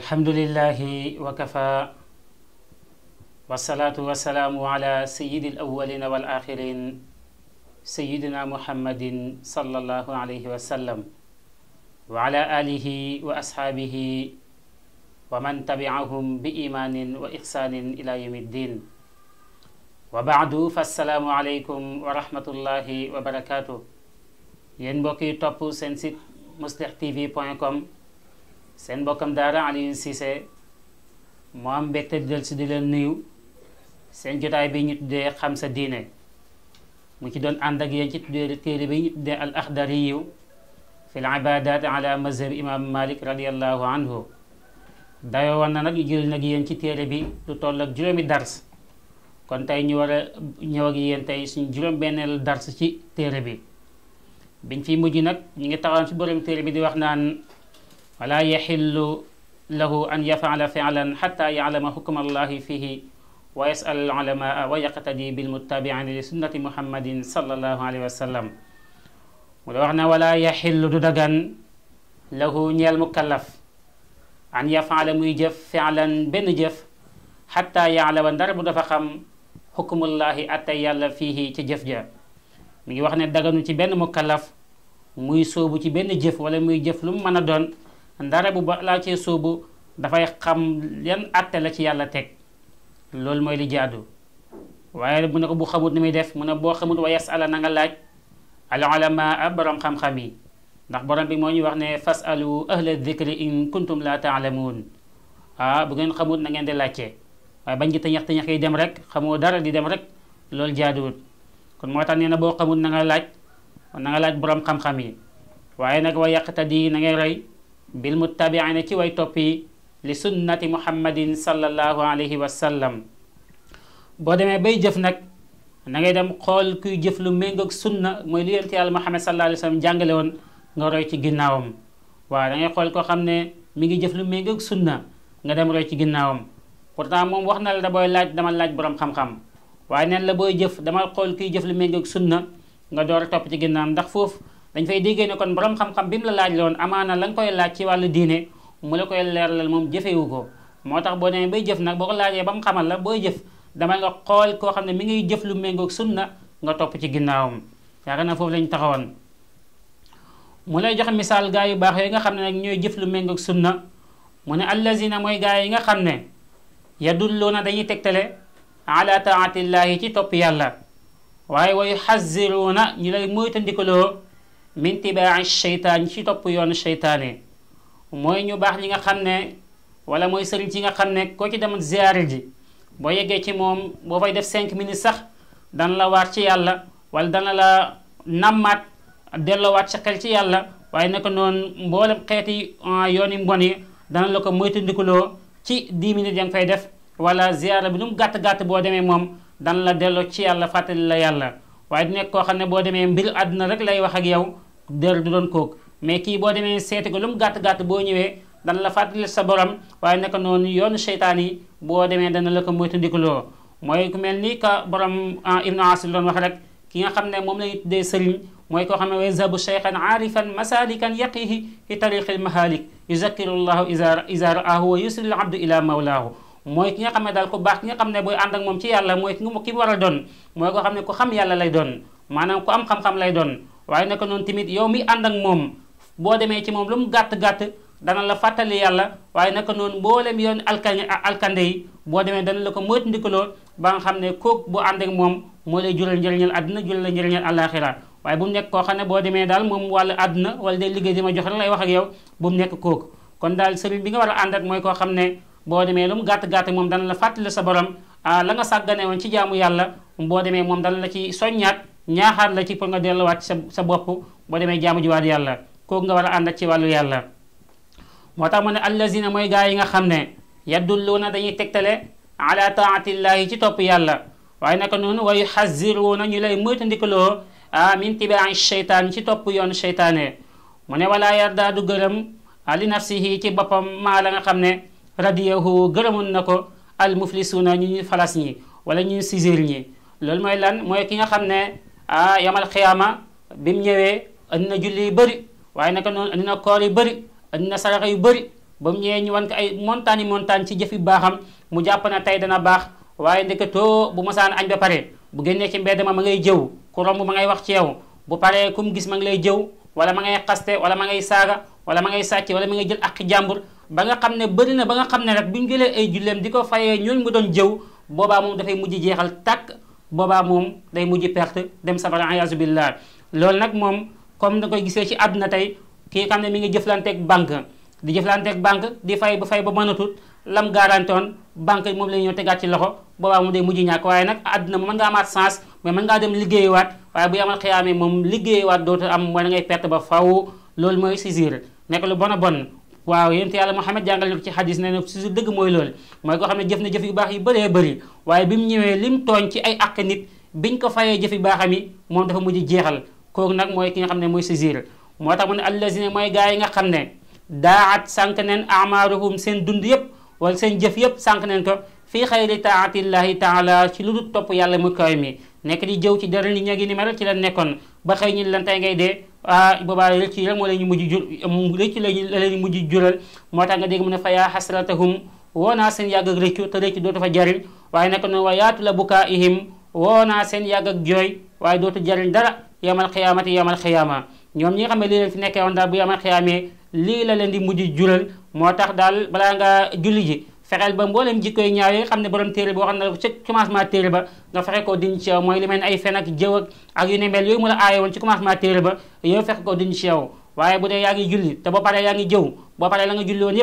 alhamdulilahi wa kafa wasalaatu wasalaamu ala sayidi al awalina wal axirin sayidina muhammadin sallallahu alayhi wa sallam wa ala alihi wa ashaabihi wa man tabiahum bi imaanin wa ixsaanin ila yawmi ddin wa baadu fa assalaamu alaykum wa rahmatullahi wa barakaatu yéen mbokk yi topp seen site mouslih tv point com seen mbokkam daara Alioune Cissé moo am mbégte del si di leen nuyu seen jotaay bi ñu tuddee xam sa diine mu ci doon ànd ak yéen ci tuddee téere bi ñu tuddee al axdariyu fi l ibadat ala mazhab imam malik radiallahu anhu dayoo woon na nag ñu jël nag yéen ci téere bi lu toll ak juróomi dars kon tey ñu war a ñëw ak yéen tey suñu juróom benneelu dars ci téere bi biñ fiy mujj nag ñu ngi taxawoon ci borom téere bi di wax naan wala yaxillu lahu an yafaala filan xata yaclama xukma allahi fihi wa yasal alulamaa wa yaqtadi bilmuttabiina li sunnati muhammadin sallallahu alayhi wa sallam mu la wax ne wala yaxillu du dagan lahu ñeel mukallaf an yafaala muy jëf filan benn jëf xata yaalama ndara bu dafa xam xukumullahi atte yàlla fii ci jëf ja mi ngi wax ne daganu ci benn mukallaf muy sóobu ci benn jëf wala muy jëf lu mu mën a doon ndara bu ba laa cee sóobu dafay xam yan atte la ci yàlla teg loolu mooy li jaadu waaye mu ne ko bu xamut ni muy def mu ne boo xamut wa yasala na nga laaj al ulamaa borom xam-xam yi ndax borom bi moo ñuy wax ne fasalu ahla dikri in kuntum la taalamuun ah bu ngeen xamut na ngeen di laajte waaye bañ ci tëñax tëñax yi dem rek xamoo dara di dem rek loolu jaaduwut kon moo tax nee na boo xamut na laaj na laaj boroom xam-xam yi waaye nag wa yàqtadi na ngay roy bil muttabiina ci way toppi li sunnati muhammadin sallallahu alayhi wa sallam boo demee bay jëf nag na ngay dem xool kuy jëf lu méngoog sunna mooy li yonent yàlla muhammad sallallahu alayhi wa jàngale woon nga ci ginnaawam waaw da xool koo xam ne mi ngi jëf lu méngoog sunna nga dem roy ci ginnaawam pourtant moom wax na la da booy laaj dama laaj boroom xam-xam waaye neen la booy jëf dama xool kuy jëf lu méngoog sunna nga door a topp ci ginnaawam ndax foofu dañ fay déggee ne kon borom xam-xam bi mu la laaj loon amaana la koy laaj ci wàllu diine mu la koy leeralal moom jëfewu ko moo tax boo demee bay jëf nag boo ko laajee ba mu xamal la booy jëf dama nga xool koo xam ne mi ngi jëf lu méngoog sunna nga topp ci ginnaawam yaakaar naa foofu lañ taxawoon mu lay jox misaal gaa yu baax yooyu nga xam ne nag ñooy jëf lu méngoog sunna mu ne allazina mooy gaa yi nga xam ne yadulluuna dañuy tegtale ala taatillahi ci topp yàlla waaye wa yuxaziruuna ñu lay moytandikaloo min tibaa'i seytaan ci topp yoonu seytaane mooy ñu baax li nga xam ne wala mooy sëriñ ci nga xam ne koo ci demoon ziyaare ji boo yeggee ci moom boo fay def cinq minutes sax dana la waat ci yàlla wala dana la nammaat delloowaat sa xel ci yàlla waaye naka noonu mboolem xeeti ah, yoon yi mbon yi dana la ko moytandikuloo ci 10 minutes ya nga fay def wala ziyaara bi lu mu gàtt gàtt boo demee moom dana la delloo ci yàlla fàttali la yàlla waaye du nekk koo xam ne boo demee mbir àdduna rek lay wax ak yow der du doon kooku mais kii boo demee seeti ko lu mu gàtt-gàtt boo ñëwee dana la fàttali sa borom waaye naka noonu yoonu seytaan yi boo demee dana la ko moytandikuloo mooy ku mel ni ka borom ah, ibnu asil doon wax rek ki nga xam ne moom lañu tuddee sëriñ mooy koo xam ne way zabu cheikhan aarifan masalikan yaqihi fi tariqil mahalik yuzakiru llahu isa isa raahu wa yusiru l abdu ila mawlaahu mooy ki nga xam ne daal ku baax ki nga xam ne booy ànd ak moom ci yàlla mooy ki nga ki war a doon mooy koo xam ne ku xam yàlla lay doon maanaam ku am xam-xam lay doon waaye naka noonu tamit yow mi ànd ak moom boo demee ci moom lu mu gàtt-gàtt dana la fàttali yàlla waaye naka noonu mboolem yoon alkane alkande yi boo demee dana la ko moytu ndikaloo ba nga xam ne kooku bu ànd ak moom moo lay jural njëriñal àdduna jural la njëriñal àllaaxira waaye bu mu nekk koo xam ne boo demee daal moom wàllu àdduna wala day liggéey di ma jox rek lay wax ak yow bu mu nekk kooku kon daal sëriñ bi nga war a ànd ak mooy koo xam ne boo demee lu mu gàtt-gàtt moom dana la fàttali sa borom ah, la nga sàggane woon ci jaamu yàlla boo demee moom dana la ci soññaat ñaaxaat la ci pour nga delluwaat sa sa bopp boo demee jaamu jiwaat yàlla kooku nga war a ànd ak ci wàllu yàlla moo tax mu ne allazina mooy gaa yi nga xam ne yaddulluuna dañuy tegtale ala taatillahi ci topp yàlla waaye naka noonu wa yuxaziruuna ñu lay moytandikaloo ah, min tibai cheytaan ci topp yoon cheytaane mu ne walaa yardaadu gërëm ah, li nafsihi ci boppam maa la nga xam radiyahu gërëmoon na ko al muflisuuna ñu ñu falas ñi wala ñu siséer ñi loolu mooy lan mooy ki nga xam ne ah yamal xiyaama bi ñëwee andi julli yu bëri waaye naka noonu andi na koor yu bëri andi na saraxa yu bëri ba mu ñëwee ñu wan ko ay montagne yi montagne ci jëfi baaxam mu jàpp tey dana baax waaye ndeketoo bu masaan añ ba pare bu génnee ci mbedd ma ma ngay jëw ku romb ma ngay wax ci yow bu paree ku mu gis ma ngi lay jëw wala ma ngay xaste wala ma ngay saaga ba nga xam ne bëri na ba nga xam ne rek bu ñu jëlee ay julleem di ko fayee ñooñu mu doon jëw boobaa moom dafay mujj jeexal takk boobaa moom day mujj perte dem safara ayaasu billah loolu nag moom comme na koy gisee ci àdduna tey kii xam ne mi ngi jëflanteeg banque di jëflanteeg banque di fay ba fay ba mënatut lam garantoon banque moom la ñoo tegaat ci loxo boobaa moom day mujj ñàkk waaye nag àdduna mën nga amaat sens mais mën ngaa dem liggéeyewaat waaye bu amal xiyaamee moom liggéeyewaat dootu am mooy da ngay perte ba faw loolu mooy saisir nekk lu bon waaw yonent yàlla Muhammad jàngal ñu ko ci xadis ne ne su dëgg mooy loolu mooy koo xam ne jëf na jëf yu baax yu bëree bëri waaye bi mu ñëwee lim tooñ ci ay àq nit biñ ko fayee jëf yu baaxam yi moom dafa mujj jeexal kooku nag mooy ki nga xam ne mooy saisir moo tax mu ne allazina mooy gaa yi nga xam ne daat sànq neen amaaruhum seen dund yépp wala seen jëf yépp sànq neen ko fii xayri taatillahi taala ci lu dul topp yàlla mu kaw mi nekk di jëw ci dara ni ña ngi ni mel ci la nekkoon ba xëy ñi lan tey ngay dee ah boobaa rëcc yi rek moo leen ñu mujj jur rëcc la leen mujj jural moo tax nga dégg mu ne fa yaa xasratahum woo naa seen yàgg ak rëccu te rëccu dootu fa jariñ waaye naka noonu wa yaatu la bukaa ihim woo naa seen yàgg ak jooy waaye dootu jariñ dara yamal xiyaamati yamal xiyaama ñoom ñi nga xam ne lii leen fi nekkee woon daal bu yamal xiyaamee lii la leen di mujj jural moo tax daal balaa nga julli ji fexeel ba mbooleem jikko yu ñaaw yi xam ne borom téere boo xam ne ca commencement téere ba nga fexe ko dindi ci mooy li ay fen ak ak yu ne mel yooyu mu la aaye woon ci commencement téere ba yow fexe ngi julli te boo paree yaa ngi jëw boo paree la nga julli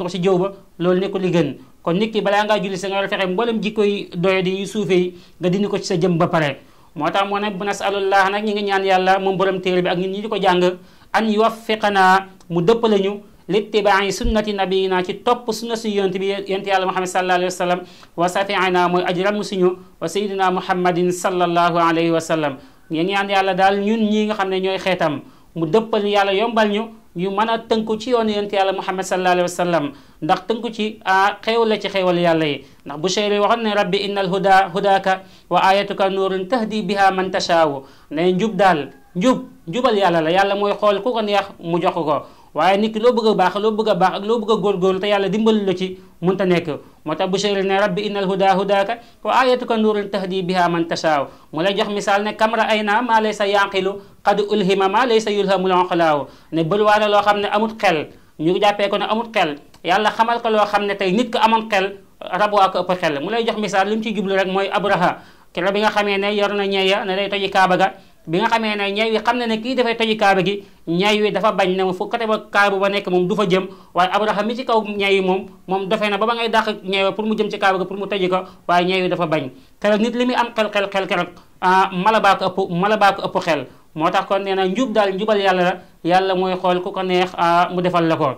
ko ci jëw ba loolu nekkul li gën kon nit ki balaa ngaa julli sa nga war a fexe mbooleem jikko yi doye ko ci sa jëm ba pare moo tax moo ne bu nasalullah nag ñi ngi ñaan yàlla moom borom téere ko jàng an yuwaffiqanaa mu dëppale ñu littibaai sunnati nabiyina ci topp sunna suñu yonent bi yonent yàlla muhammad sallallahu alayhi wa sallam wa safiina mooy aji ramm suñu wa sayidina muhammadin sallallahu alayhi wa sallam ngeen ñaan yàlla ñun ñi nga xam ne ñooy xeetam mu dëppal yàlla yombal ñu ñu mën a tënku ci yoonu yonent yàlla muhammad sallallahu alayhi wa sallam ndax tënku ci a xéewal la ci xéewal yàlla yi ndax bu Busayri waxoon ne rabbi innal huda hudaka wa ayatuka nuurun tahdi biha man tashaawu ne njub daal njub njubal yàlla la yàlla mooy xool ku ko neex mu jox ko waaye nikk loo bëgg baax loo bëgg a baax a góorgóorlu te yàlla dimbali la ci munta nekk moo tax Busayri ne rabbi innal huda hudaka wa ayatuka nuurun tahdi biha man tashaaw mu lay jox misaal ne kamra ay naa maa lay sa yanqilu qad ulhima maa lay sa yulhamul onqalaaw ne bëluwaane loo xam ne amut xel ñu jàppee ko ne amut xel yàlla xamal ko loo xam ne tey nit ko amoon xel rab waa ko ëpp xel mu lay jox misaal li mu ci jublu rek mooy abraha kero bi nga xamee ne yor na ñeeya ne day toji kaaba ga bi nga xamee ne ñay wi xam na ne kii dafay toji kaaba gi ñay wi dafa bañ ne mu fu côté ba kaaba ba nekk moom du fa jëm waaye Abdurahmaan mi ci kaw ñay wi moom moom dafee na ba ba ngay dàq ñay pour mu jëm ci kaaba gi pour mu toji ko waaye ñay wi dafa bañ keroog nit li muy am xel xel xel keroog ah, mala baa ko ëpp mala baa ëpp xel moo tax kon nee na njub daal njubal yàlla yàlla mooy xool ku ko neex ah, mu defal la ko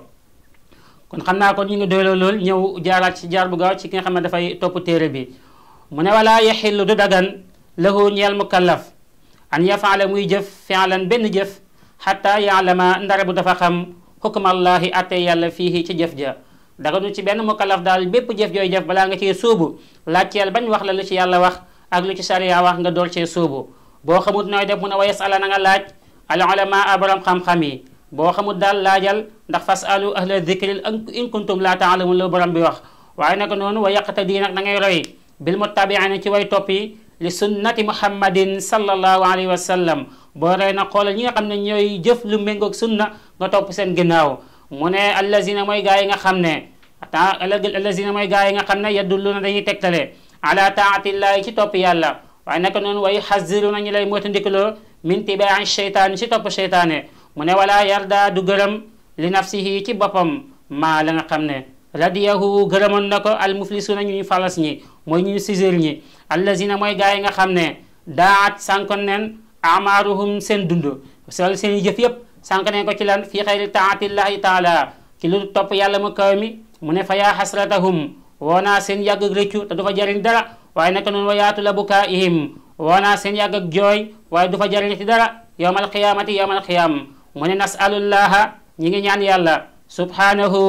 kon xam naa kon ñu ngi doyloo lool ñëw jaaraat ci jaar bu gaaw ci ki nga xam ne dafay topp téere bi mu ne walaa yaxillu du dagan lahu ñeel mukallaf an yafaala muy jëf fi'lan benn jëf xataa yaalama ndare bu dafa xam xukmallaahi atte yàlla fii ci jëf ja daganu ci benn mukallaf daal bépp jëf jooy jëf balaa nga cee sóobu laajteel bañ wax la lu ci yàlla wax ak lu ci sariya wax nga door cee sóobu boo xamut nooy def mu ne wa yasala na nga laaj al ulama a borom xam-xam yi boo xamut daal laajal ndax fasalu ahla dikri in kuntum laa taalamun la borom bi wax waaye nag noonu wa yaqtadi nag na ngay roy bil muttabiina ci way topp li sunnati muhammadin sallallahu alayhi wa sallam boo rey na xoolal ñi nga xam ne ñooy jëf lu méngoog sunna nga topp seen ginnaaw mu ne allazina mooy gaa yi nga xam ne ta allazina mooy gaa yi nga xam ne yaddullu na dañuy tegtale ala taatillahi ci topp yàlla waaye naka noonu way xaziru nañu lay moytandikuloo min tibai cheytaan ci topp cheytaane mu ne wala yarda du gërëm li nafsihi ci boppam maa la nga xam ne radiyahu gërëmoon na ko almuflisuuna ñu ñu falas ñi mooy ñu ñu sisir allazina mooy gaa yi nga xam ne daat sànkoon neen amaaruhum seen dund sol seen jëf yëpp sànk neen ko ci lan fii xayri taatillahi taala ci lu topp yàlla mu kaw mi mu ne fa yaa xasratahum woonaa seen yàgg ak rëccu te du fa jariñ dara waaye naka noonu wa yaatu la bukaa'ihim woonaa seen yàgg ak jooy waaye du fa jariñ ci dara yowm alqiyaamati yowm alqiyaam mu ne nasalullaha ñi ngi ñaan yàlla subhaanahu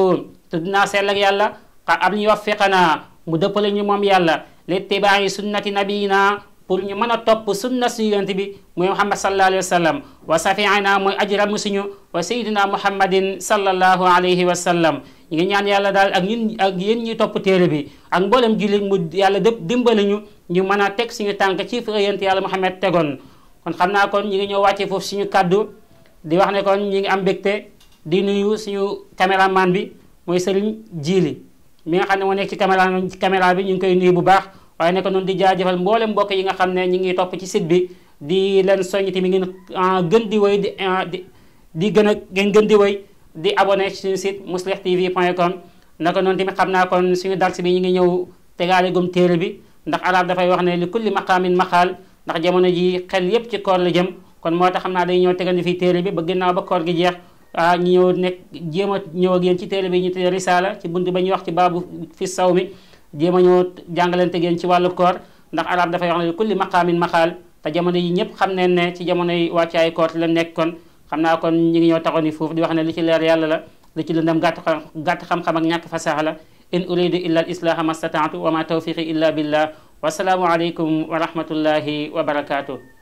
tudd naa sell ak yàlla xa am ñu waffiqanaa mu dëppale ñu moom yàlla litibaa'i sunnati nabiyina pour ñu mën a topp sunna si yonent bi muy muhammad sa alayhi wa sallam wa safiana mooy ajram suñu wa sayidina muhammadin sallallahu alayhi wa sallam ñu ngi ñaan yàlla daal ak ñun ak yéen ñuy topp téere bi ak mboolem jullit mu yàlla dëpp dimbali ñu ñu mën a teg suñu tànk ci fa yonent yàlla muhammad tegoon kon xam naa kon ñu ngi ñëw wàccee foofu suñu kàddu di wax ne kon ñu ngi am mbégte di nuyu suñu caméraman bi mooy sëriñ Jiili mi nga xam ne moo nekk ci caméra caméra bi ñu ngi koy nuyu bu baax waaye nekk noonu di jaajëfal mboolem mbokk yi nga xam ne ñu ngi topp ci site bi di leen soññ tamit ngeen ah, gën di wéy ah, di di gën a ngeen gën di wéy di abonné ci suñu site mouslih tv point com naka noonu tamit xam naa kon suñu dars bi ñu ngi ñëw tegaale gum téere bi ndax arab dafay wax ne li kulli ma xaal ndax jamono ji xel yépp ci koor la jëm kon moo tax xam naa dañu ñëw tegandi fii téere bi ba ginnaaw ba koor gi jeex ah ñu ñëw nekk a ñëw ak ci téere bi ñu tuddee risaala ci bunt ba ñu wax ci baabu fi saw mi jéem a ñëw jàngalante ngeen ci wàllu koor ndax arab dafay li ne kulli maqaamin maqaal te jamono yi ñëpp xam ne ne ci jamono yi wàccaay koor la nekkoon xam naa kon ñu ngi ñëw taxoon yi foofu di wax ne li ci leer yàlla la li ci lëndam gàtt xam gàtt xam-xam ak ñàkk fasaax la in uridu illa al islaaha ma stataatu wa ma tawfiqi illa billah wasalaamu aleykum wa rahmatullahi wa barakatuh